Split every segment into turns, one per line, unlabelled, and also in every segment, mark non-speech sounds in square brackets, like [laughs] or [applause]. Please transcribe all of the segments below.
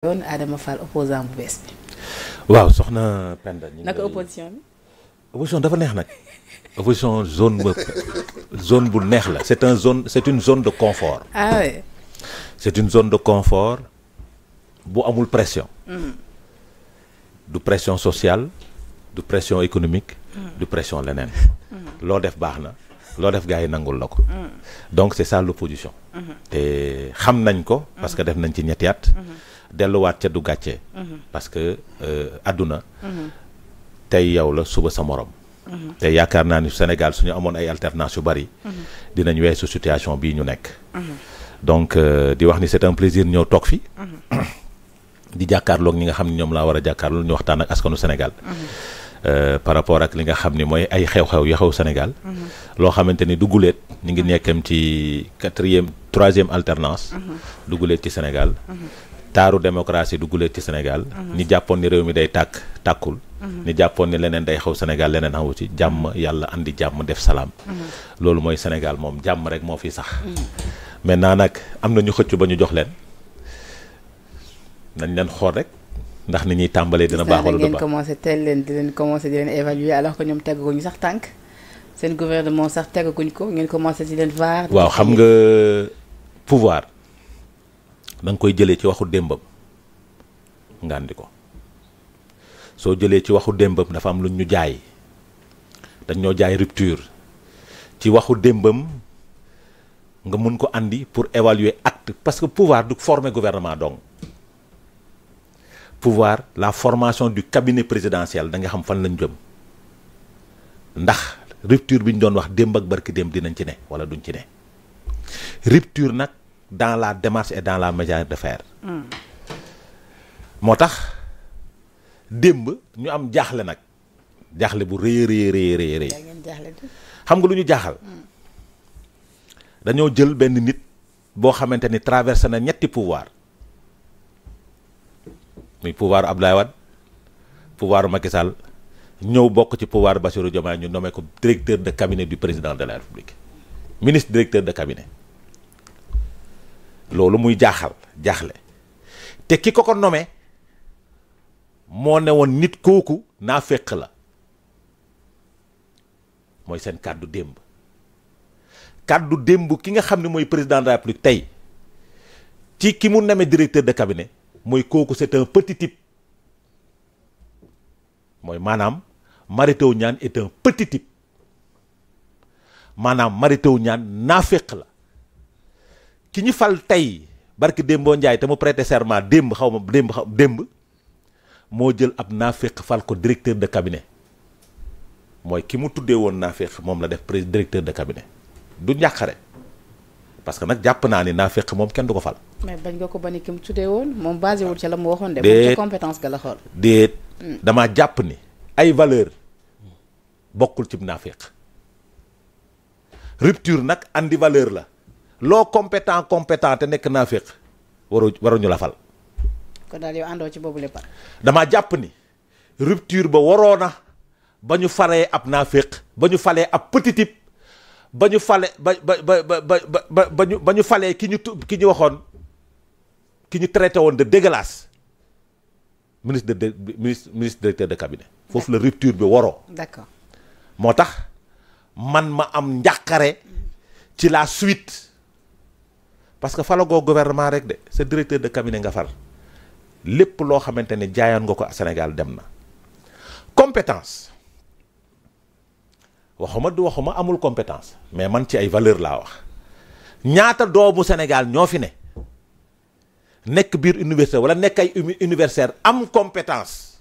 yoon Adama Fall opposant bu bees bi.
waaw soxna Penda. naka
opposition bi.
opposition dafa neex nag. opposition zone ba zone bu neex la c'est un zone c'est une zone de confort. ah une zone de confort bu amul pression. Mm. du pression sociale du pression économique. Mm. du pression leneen. Mm. loo def baax na loo def gars yi nangul la ko. donc c'est ça l'opposition. Mm-hmm. te xam nañ ko. Mm-hmm. parce que def nañ ci ñetti delluwaat ca du gàcce. Mhm. parce que euh, àdduna. Mhm. tey yow la suba sa morom. Mhm. te yaakaar naa ni Sénégal suñu amoon ay alternance yu bari. dinañ weesu situation bii ñu nekk. donc euh, di wax ni c'est un plaisir ñëw toog fi. [coughs] di jàkkaarloog ñi nga xam ne ñoom laa war a jàkkaarloo ñu waxtaan ak askanu Sénégal. Euh, par rapport ak li nga xam ni mooy ay xew-xew yu xew Sénégal. loo xamante ni dugguleet ñu ngi nekkam ci quatrième troisième alternance. dugguleet ci Sénégal. taaru démocratie du guleet ci Sénégal. Mhm. ñi jàppoon ni réew mi day tàkk tàkkul. Mhm. ñi jàppoon ni leneen day xaw Sénégal leneen xawu ci jàmm mhm. yàlla andi jàmm def salaam. loolu mooy Sénégal moom jàmm rek moo fi sax. maintenant nag am na ñu xëcc ba ñu jox leen nañ leen xool rek. ndax ni ñuy tàmbalee dina baax wala du baax
commencé teel leen di leen commencé di leen évaluer alors que ñoom tegguñu sax tànk seen gouvernement sax tegguñ ko ngeen commencé di leen vaar. waaw
xam nga pouvoir da nga koy jëlee ci waxu démbam nga andi ko soo jëlee ci waxu démbam dafa am lu ñu jaay dañ ñoo jaay rupture ci waxu démbam nga mun ko indi pour évaluer acte parce que pouvoir du former gouvernement donc pouvoir la formation du cabinet présidentiel da nga xam fan lañu jëm ndax rupture bi ñu doon wax démb ak barki démb dinañ ci ne wala duñ ci ne rupture nag dans la démarche et dans la manière de faire. moo tax démb ñu am jaaxle nag jaaxle bu rëy rëy rëy rëy xam nga lu ñu jaaxal dañoo jël benn nit boo xamante ni traverse na ñetti pouvoir muy pouvoir Abdoulaye Wade pouvoir Macky Sall ñëw bokk ci pouvoir Bassirou Diomaye ñu nommé ko directeur de cabinet du président de la République ministre directeur de cabinet loolu muy jaaxal jaaxle te ki ko ko nome moo ne woon nit kooku naa féq la mooy seen kàddu démb kàddu démb ki nga xam ne mooy président de la République tey ci ki mu neme directeur de cabinet mooy kooku c'est un petit mooy maanaam Mary Teuw Niane est un maanaam Mary Teuw Niane naa féq la ki ñu fal tey barki démboo Ndiaye te mu prêter serment démb xaw ma démb xaw démb moo jël ab naaféq fal ko directeur de cabinet mooy ki mu tuddee woon naaféq moom la def pré directeur de cabinet du njàqare parce que nag jàpp naa ni naaféq moom kenn du ko fal.
mais bañ nga ko ba ni ki mu woon moom basé wul la mu waxoon de. déet compétence ga la xool. Hmm.
damaa jàpp ni ay valeur bokkul ci naaféq rupture nag andi valeur la. loo compétent compétent te nekk naa féq waru waruñu la fal.
kon daal yow àndoo ci boobu lépp
damaa jàpp ni rupture ba waroona ba ñu faree ab naa naaféq ba ñu falee ab petit type ba ñu fale ba ba ba ba ba ba ñu falee ki ñu tu ki ñu waxoon ki ñu traité woon de dégueulasse ministre de ministre ministre directeur de cabinet foofu la rupture bi waroo. d'accord moo tax man ma am njàqare ci la suite. parce que falagoo gouvernement rek de sa directeur de cabinet nga fal lépp loo xamante ne jaayoon nga ko Sénégal dem na compétence waxuma du waxuma amul compétence mais man ci ay valeur laa wax ñaata doomu Sénégal ñoo fi ne nekk biir université wala nekk ay universitaire am compétence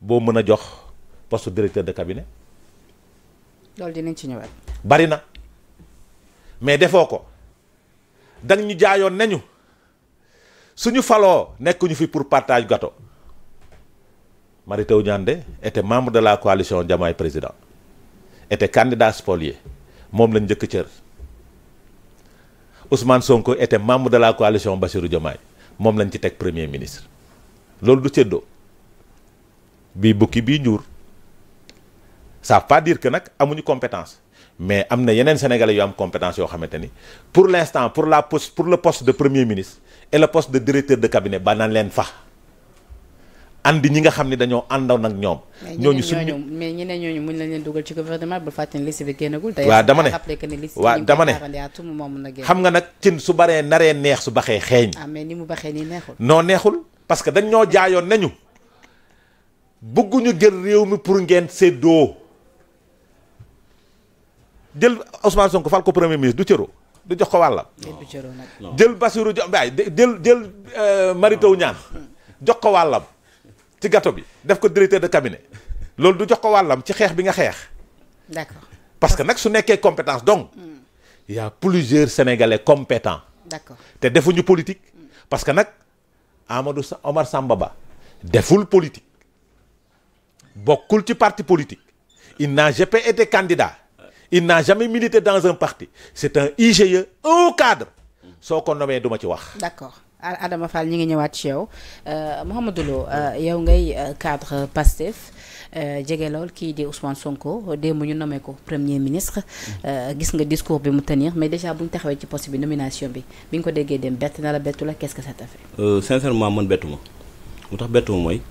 boo mën a jox poste directeur de cabinet
loolu dinañ ci ñëwaat.
bari na mais defoo ko dang ñu jaayoon nañu suñu faloo nekkuñu fi pour partage gato Mary Teuw Niane de était membre de la coalition Diomaye président était candidat spolié moom lañ njëkk cër Ousmane Sonko était membre de la coalition Bassirou Diomaye moom lañ ci teg premier ministre loolu du séddoo bii bukki bii njuur ça veut pas dire que nag amuñu compétence mais am na yeneen sénégalais yu am compétence yoo xamante ni pour l' instant pour la poste pour le poste de premier ministre et le poste de directeur de cabinet ba naan leen fa andi ñi nga xam ne dañoo àndoon ak ñoom. ñooñu suñu
mais ñeneen ñooñu muñ lañ leen dugal ci gouvernement bu fàttali liste bi génnagul. waaw dama ne waaw dama ne xam nga
nag cin su baree naree neex su baxee xeeñ.
ah mais ni mu baxee nii neexul.
non neexul parce que dañ ñoo jaayoon nañu bëgguñu jël réew mi pour ngeen séddoo. jël Ousmane Sonko fal ko premier ministre du cëru du jox ko wàllam. jël Bassirou Diomaye waay jël jël euh, Mary Teuw Niane jox ko wàllam ci gato bi def ko directeur de cabinet loolu du jox ko wàllam ci xeex bi nga xeex. d'accord parce que nag su nekkee compétence donc. il mm. y a plusieurs sénégalais compétents. d'accord te defuñu politique. parce que nag Amadou Omar Samba Ba deful politique bokkul ci parti politique il n'a jamais été candidat. il n'a jamais milité dans un parti c'est un IGE un cadre soo ko nommé duma ci wax.
d'accord Adama Fall ñi ngi ñëwaat ci yow euh, Mouhamadou Lo euh, yow ngay euh, cadre Pastef jege lool kii di Ousmane Sonko démb ñu nommé ko premier ministre gis nga discours bi mu tenir mais déjà bu ñu taxawee ci poste bi nomination bi bi nga ko déggee dem bett na la bettu la qu'est-ce que ça t'a
fait. sincèrement man bettu ma tax bettu mooy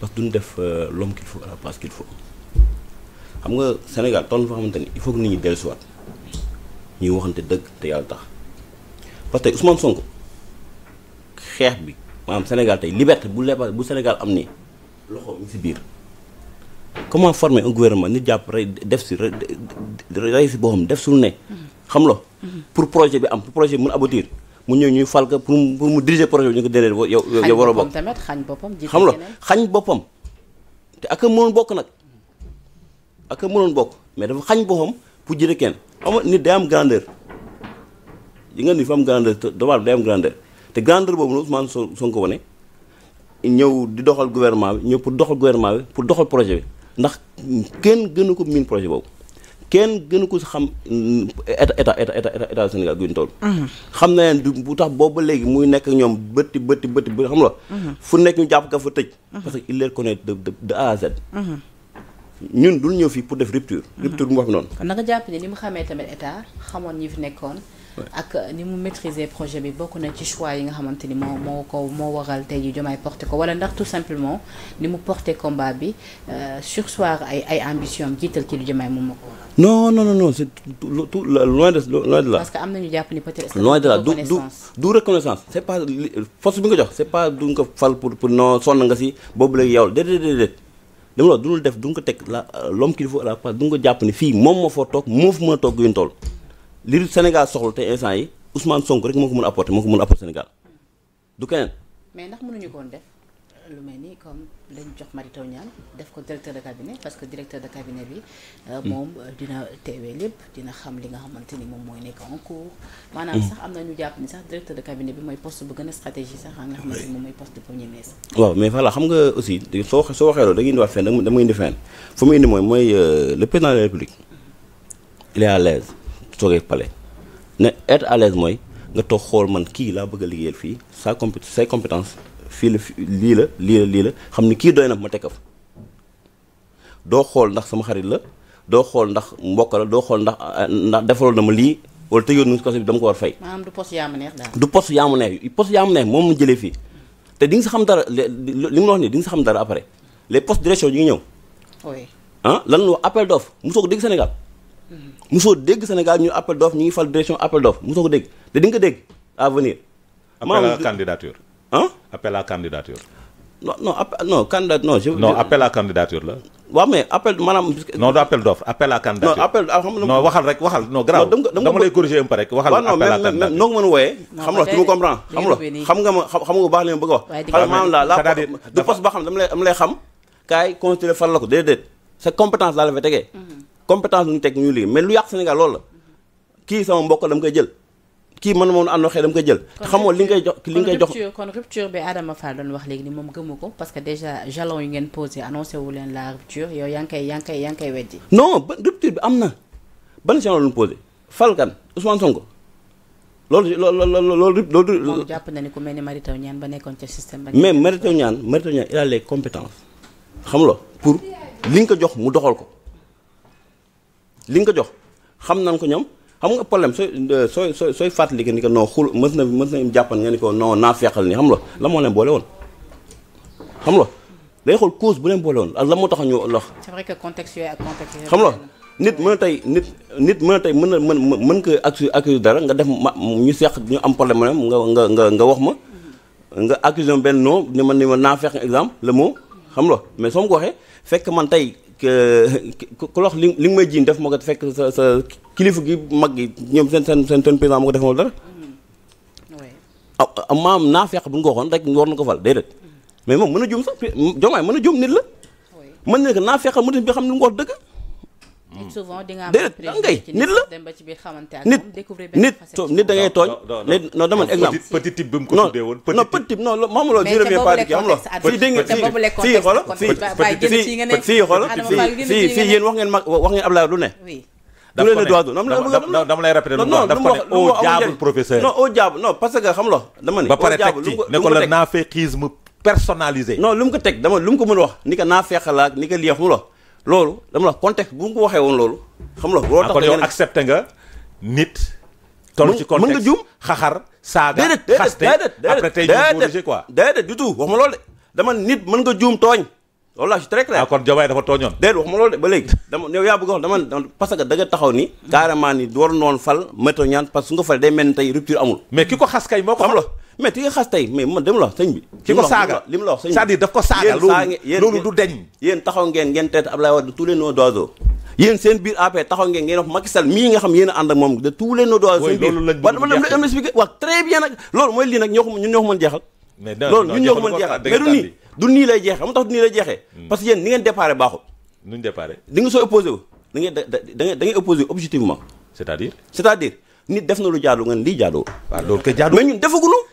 parce que duñ def l'homme qu'il faut à la place qu'il xam nga Sénégal toll foo xamante ni il faut que nit ñi dellusiwaat ñuy waxante dëgg te yàlla tax parce que Ousmane Sonko xeex bi maanaam Sénégal tey liberté bu liberté bu Sénégal am ni loxo mi si biir comment former un gouvernement nit jàpp rey def si rey si boppam def su ne. xam lo pour projet bi am pour projet bi mun aboutir mu ñëw ñuy fal pour mu pour projet bi ñu ko déedéet yow. yow waroo bokk
xañ boppam tamit xañ
xam lo boppam te ak a mënoon bokk nag. ak mënoon bokk mais dafa xañ boppam pour jëlee kenn xam nga nit day am grandeur yi nga nit fa am grandeur te domaat day am grandeur te grandeur boobu noonu Ousmane Sonko wane ñëw di doxal gouvernement bi ñëw pour doxal gouvernement bi pour doxal projet bi ndax kenn gënu ko miin projet boobu kenn gënu ko si xam mm, état état état état Sénégal guñ toll. Mhm. xam na leen du bu tax boobu ba léegi muy nekk ñoom bëtti bëtti bëtti xam la mhm. fu nekk ñu jàpp ka fa tëj. Mhm. parce A ñun dul ñëw fii pour def rupture. Mhm. rupture bu mu wax noonu. kon
na nga jàpp ne ni mu xamee tamit état xamoon ñi fi nekkoon. ak euh, ni mu maîtriser projet bi bokk nañ ci choix yi nga xamante ni moo moo ko moo waral tey jii Diomaye porté ko wala ndax tout simplement ni mu porte combat bi euh, sursoir ay ay ambition am jiital ci li Diomaye moom moo ko waral.
non non non non c'est tout tout loin de loin de là. parce que
am na ñu jàpp ni peut-être. loin de là du du
du reconnaissance. c'est pas force pour pour non sonn nga si boobu léegi yow li ma la dunul def du ko teg la l'homme qu'il faut à la place du ko jàpp ni fii moom moo foo toog moo fi mën a toog yun tool li Sénégal soxla te instant yi Ousmane sonk rek moo ko mën a apporter moo ko mën a apporter Sénégal du keneen
mais ndax mënuñu koon def lu mel ni comme lañ jox Mary def ko directeur de cabinet parce que directeur de cabinet bi euh, mm. moom euh, dina teewee lépp dina xam li nga xamante ni moom mooy nekk en cours maanaam mm. sax am na ñu jàpp ni sax directeur de cabinet bi mooy poste bu gën a stratégie sax nga xamante ni moom mooy poste de premier ministre
waaw mais voilà xam nga aussi soo soo waxee loolu da ngay indi waat fenn dama mooy mooy euh, le président de la république il est à l'aise toogee mooy nga toog xool man kii laa bëgg a fii sa compé say compétence fii la lii la lii la lii la xam ne kii doy na ma teg fa doo xool ndax sama xarit la doo xool ndax mbokk la doo xool ndax eh, ndax defaloon na ma lii wala tëjoon nañu kaso bi dama ko war fay.
maanaam du poste yaa mu neex daal.
du poste yaa mu neex moom mu jëlee fii te di nga sa xam dara li mu wax nii di nga sa xam dara après les postes direction ñu ngi ñëw. oui ah lan la wax appel d'offre mosoo ko dégg senegal mhm. mosoo dégg Sénégal ñu appel d'offre ñu ngi fal direction appel d'offre mosoo ko dégg te di nga ko dégg à venir. maanaam candidature. ah appel à candidature. non non appel non candidat non. je non appel à candidature la. waaw mais appel maanaam. non du appel d'offre appel à candidature. non appel ah, non waxal rek waxal non. grave dama lay corriger un peu rek. waxal appel à candidature noo ko mën a baax li ma bëgg a wax. waaye maanaam laa laa du poste ba xam dama lay xam. kaay constitué fal la ko déedéet. sa compétence laa la fa tegee. Mhm. compétence lu teg ñu liggéey mais lu yàq Sénégal loolu la. kii sama mbokk dama koy jël kii man moom àndoo xëy dama koy jël xamoo li ngay jox li ngay jox
kon rupture bi Adama Fall doon wax léegi ni moom gëmu ko parce que déjà jalon yi ngeen posé annoncé wu leen la rupture yow yaa ngi koy yaa ngi koy yaa ngi koy
ba rupture bi am na ban jalon lu posé falkan Ousmane Sonko loolu loolu loolu loolu moom
na ni ku mel ni Mary Teuw ba nekkoon ca système ba mais Mary Teuw
Niane Mary Teuw Niane a les compétences xam lo pour li nga ko jox mu doxal ko li nga ko jox xam nañ ko ñoom xam nga problème sooy euh, sooy sooy sooy fàttali que ni que non xul mës na mës nañu jàppan nga ni ko non naa feexal ni xam la la moo leen boole woon xam la day xool cause bu leen boole woon ak la moo tax ñu lox.
c'est vrai que contexte yooyu ak contexte
yooyu. xam la nit mën na tey nit nit mën na tey mën na mën mën ko accu accuse dara nga def ma ñu seq ñu am problème mu nga nga nga nga wax ma. nga accuse benn non ni ma ni ma naa feex exemple le mot xam la mais soo ma ko waxee fekk man tey. ku lox li li nga may jiin def moo ko fekk sa sa kilifa gi mag gi ñoom seen seen seen seen président moo ko def moom dara.
Mm-hmm.
Ah, ah maam naa fekk bu ñu ko waxoon rek war na ko fal déedéet. mais moom mën a juum sax Diomaye mën a juum nit la. mën na ne naa fekk mu def xam ne lu mu
Mm. souvent di nga am déedéet nit la dem ba ci biir xamante ak moom découvrir benn
facette nit da ngay tooñ léegi non dama exemple petit type bi mu ko tuddee woon non petit type non wax ngeen mag wax lu ne
daf ko wax daf ko
ne au xam lo dama ne ba pare teg ci ko teg dama lu mu ko mën wax ni ko naafeq la ni ko lii wax mu lo loolu dama la contexte bu nga ko waxee woon loolu. xam la loolu tax ah, kon yow accepté nga nit. toll ci contexte mën nga jum xaxar saaga. déedéet déedéet déedéet après tey ñu corrigé quoi. déedéet du tout wax ma loolu de dama nit mën nga juum tooñ. loolu laa je suis très clair. ah kon Diomaye dafa tooñoon. déedéet wax ma loolu de ba léegi dama yow yaa bëgg a wax dama dama parce que da nga taxaw ni. carrément ni waru noonu fal météo ñaan parce que su nga fal day mel ni tey rupture amul. mais ki ko xas kay moo ko xam la mais ki nga xas tey mais man dem la wax sëñ bi. ki ko saaga li mu la wax sëñ bi cest à daf ko saaga. loolu du deñ yéen taxaw ngeen ngeen teet Abdoulaye Wade tous les noms d'oiseaux yéen seen biir AP taxaw ngeen ngeen wax Macky Sall mii nga xam yéen a moom de tous les noms seen biir waaw dama leen nag loolu mooy lii nag ñun ñoo ko jeexal loolu ñun ñoo ko jeexal mais du nii du nii lay jeexee amu tax du nii lay jeexee hmm. parce que ni ngeen déparé baaxul nuñ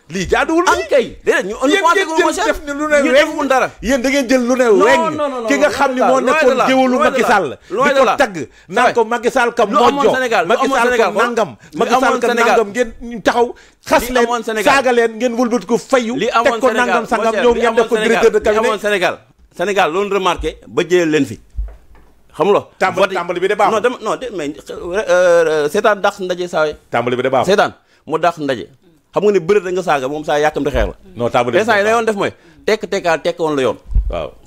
lii jaaduwul am ah, kay déedéet ñu on ko déglu ko chef ñu deful dara yéen da ngeen jël lu ne weng ki nga xam ne moo nekkoon géwalu Macky Sall di
ko tagg naan ko Macky Sall ka mojjo Macky Sall ka nangam Macky Sall ka nangam ngeen taxaw xas leen saaga leen ngeen wëlbat ko fayu teg ko nangam sangam ñëw ngeen def de cabinet
Sénégal Sénégal loolu remarqué ba jëlee leen fi xam tàmbali bi de baaxul non non mais euh, euh, seetaan dàq ndaje saa seetaan mu dàq ndaje xam nga ne bëri da saaga moom saa yàkkam di xeex la non table de saa yi la yoon def mooy tekk tekkaa tekk woon la yoon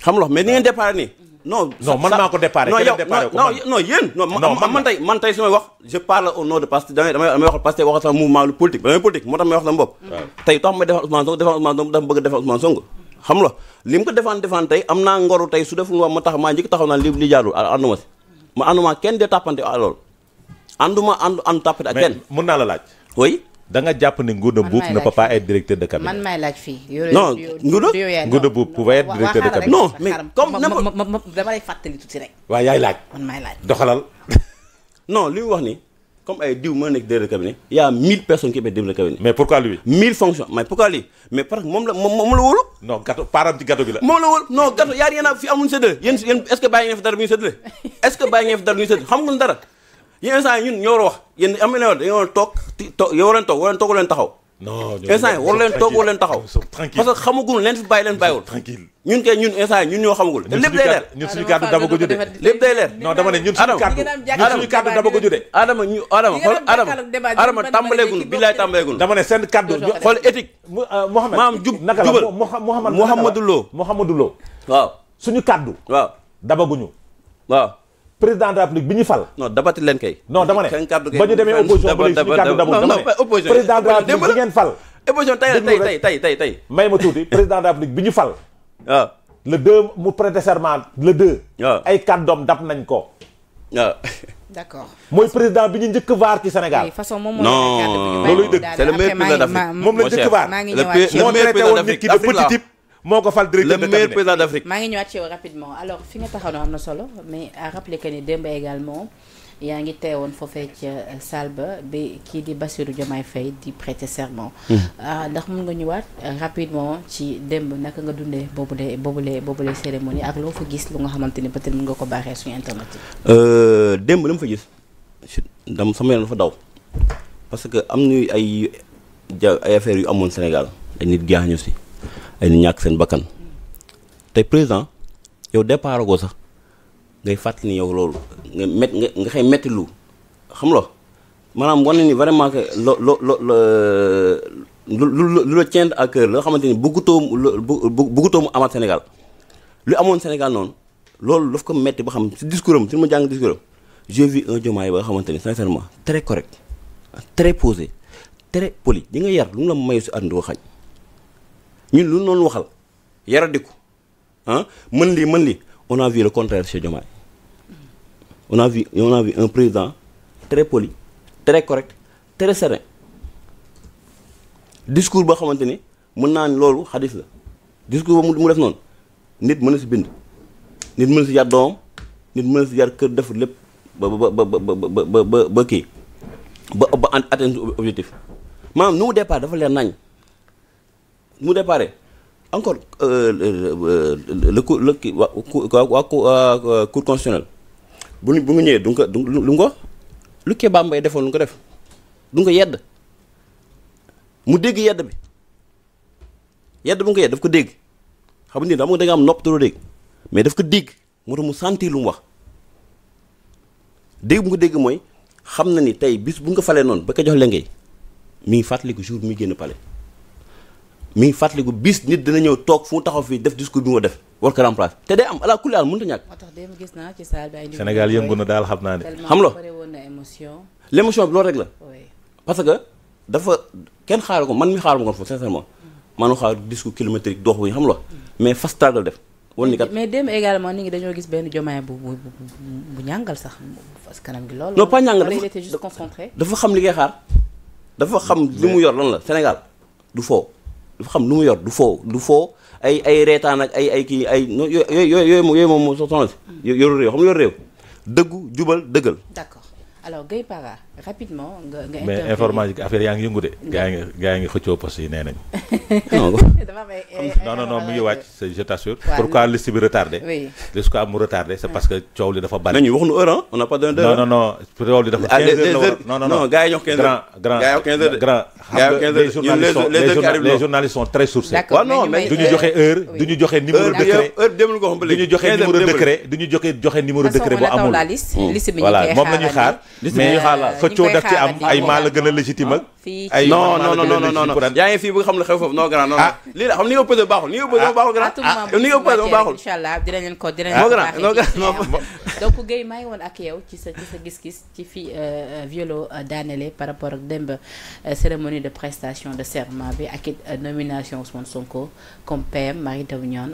xam lox mais ni ngeen départ nii non man maa su may wax wax am naa ngoru tey su deful ma tax maa njëkk taxaw naan li li jaadul ànduma si ma ànduma kenn de tàppante loolu ànduma ànd ànd tàppante ak kenn mën naa la laaj oui danga jàpp ne Ngouda Mboup ne peut pas être directeur de cabinet. man
may laaj fii. non Ngouda
directeur de cabinet. non mais
comme dama lay fàttali tuuti rek.
waaw yaay laaj. doxalal. [laughs] non li mu wax ni comme ay diw mën nekk directeur de cabinet y a mille personnes qui peuvent directeur de cabinet. mais pourquoi lui. mille mais parce que moom la moom la wóolu. non gâteau paaram ci gâteau bi la. moom la wóolu non gâteau yaa yéen a fi amuñu séddale yéen yéen est-ce fi dara bu ñu séddale est dara yéen instant yi ñun ñoo war a wax yéen am na dañoo war a toog toog yow war leen toog war leen toog leen taxaw. non instant yi war leen toog war leen taxaw. parce que xamagul leen fi bàyyi leen bàyyiwul. ñun kay ñun instant yi ñun ñoo xamagul. te lépp day leer ñun suñu kàddu dama ko jotee lépp day leer. non dama ne ñun suñu kàddu ñun suñu kàddu dama ko jotee. Adama ñu Adama xool Adama Adama tàmbaleegul billaay tàmbaleegul. dama ne seen kàddu xool éthique. Mouhamed euh, maam jub jubal Mouhamadou
Lo Mouhamadou Lo waaw suñu kàddu waaw dabaguñu waaw président
de la République bi ñu fal. non dama ne ba ñu demee opposition bu la République
bi ngeen fal. opposition tey tey
tey tey tey may ma tuuti
président de bi ñu fal. waaw ah. le deux mu prêter serment le deux. Ah. ay kàddoom dab nañ ko. Ah. mooy président bi ñu njëkk vaar ci Sénégal. façon moom
moo looluy
dëgg. c'est le meilleur président d'Afrique moom la njëkk vaar. moo traité woon nit ki de petit type moo ko fal directeur
maa ngi ñëwaat ci yow rapidement alors fi nga taxaw na am na solo mais à rappeler que ni démb également yaa ngi teewoon foofee ca euh, salle ba bi kii di Bassirou Diomaye fay di prêter serment. Mm. Ah, ndax mun nga ñëwaat euh, rapidement ci démb naka nga dundee boobule boobule boobule cérémonie ak loo fa gis lu nga xamante ni peut-être mun nga ko baaxee suñu internet
demb euh, démb la mu fa gis dam sama yoon dafa daw parce que am nu ay ja ay affaires yu amoon Sénégal ay nit gaañu si. ay nit ñàkk seen bakkan tey président yow départ ko sax ngay fàttali ni yow loolu nga met nga nga xëy metti lu xam la maanaam wane ni vraiment que lo lo lo lu la tient ak cœur la xamante ni bëggutoo bëggutoo mu amaat Sénégal lu amoon Sénégal noonu loolu daf ko metti ba xam si discours am si ma jàng discours am j'ai vu un Diomaye ba nga xamante ni sincèrement très correct très posé très poli di nga yar lu mu la may si àdduna ko xañ ñun lu noonu waxal yaradiku ah mën lii mën lii on a vu le contraire chez Diomaye on a vu on a un président très poli très correct très serein discours boo xamante ni mën naa ni loolu xadis la discours ba mu def noonu nit mën na si bind nit mën na si yar doomam nit mën si yar kër defu lépp ba ba ba ba ba ba kii ba ba atteindre objectif maanaam nu mu départ dafa leer nañ mu dépare encore le cour le kii waa bu bu nga ñëwee du nga ko du lu nga lu kee Bambey defoon lu nga def du nga yedd mu dégg yedd bi yedd bu nga yedd daf ko dégg xam ni dama da nga am nopp doo dégg mais daf ko dégg moo tax mu sentir lu mu wax dégg bu nga dégg mooy xam na ni tey bis bu nga falee noonu ba ko jox lenge mu ngi fàttaliku jour mi génn pale mi ngi fàttaliku bis nit dina ñëw toog fu taxaw fii def discours bi mu def war ko remplacer te day am ala kulli aal mënut naa
ci na daal xam
naa loo la. parce que dafa kenn xaaru ko man mi xaaru ma ko foofu sincèrement. maanaam xaar discours kilométrique dox xam loo mais fast track la def. wala ni kat
mais dem également nit ngi dañoo gis benn jomaay bu bu bu ñàngal sax parce que kanam gi loolu. non pas ñàngal dafa
dafa xam li ngay xaar dafa xam li mu yor lan la Sénégal du foo dafa xam lu mu yor du foo du foo ay ay reetaan ak ay ay kii ay yooyu yooyu yooyu moom moo soxna si. yoru réew xam nga yoru réew dëggu jubal dëggal. d'accord
alors Guèye Para rapidement nga nga mais information affaire
yaa ngi yëngu de.
gaa ngi gaa ngi xëccoo poste yi nee nañ [laughs] [laughs] eh, non non non ngi wàcc je t'assure. pourquoi liste bi retardé. oui ko am heure on n'a pas donné d'heure. non ah, yi ñoo grand grand xam les journalistes sont les journalistes du ñu euh, joxe heure. du ñu joxe numéro décret. du hmm. ñu joxe numéro décret boo amul.
voilà moom la ñuy xaar
mais xëccoo daf ci am ay maa la gën a légitime ak ay non non non non non non yaa ngi fii bu nga xam ne xew foofu non grand non ah. lii la xam ni nga posé baaxul ni nga posé ah. baaxul grand
ni ah, nga posé baaxul inchallah dinañ leen ko dinañ leen ko baaxee non grand non donc Guèye maa ngi woon ak yow ci sa ci sa gis-gis ci fi euh, euh, violo euh, daanele par rapport ak démb cérémonie de prestation de serment bi ak it nomination Ousmane Sonko comme PM Marie Taw Niane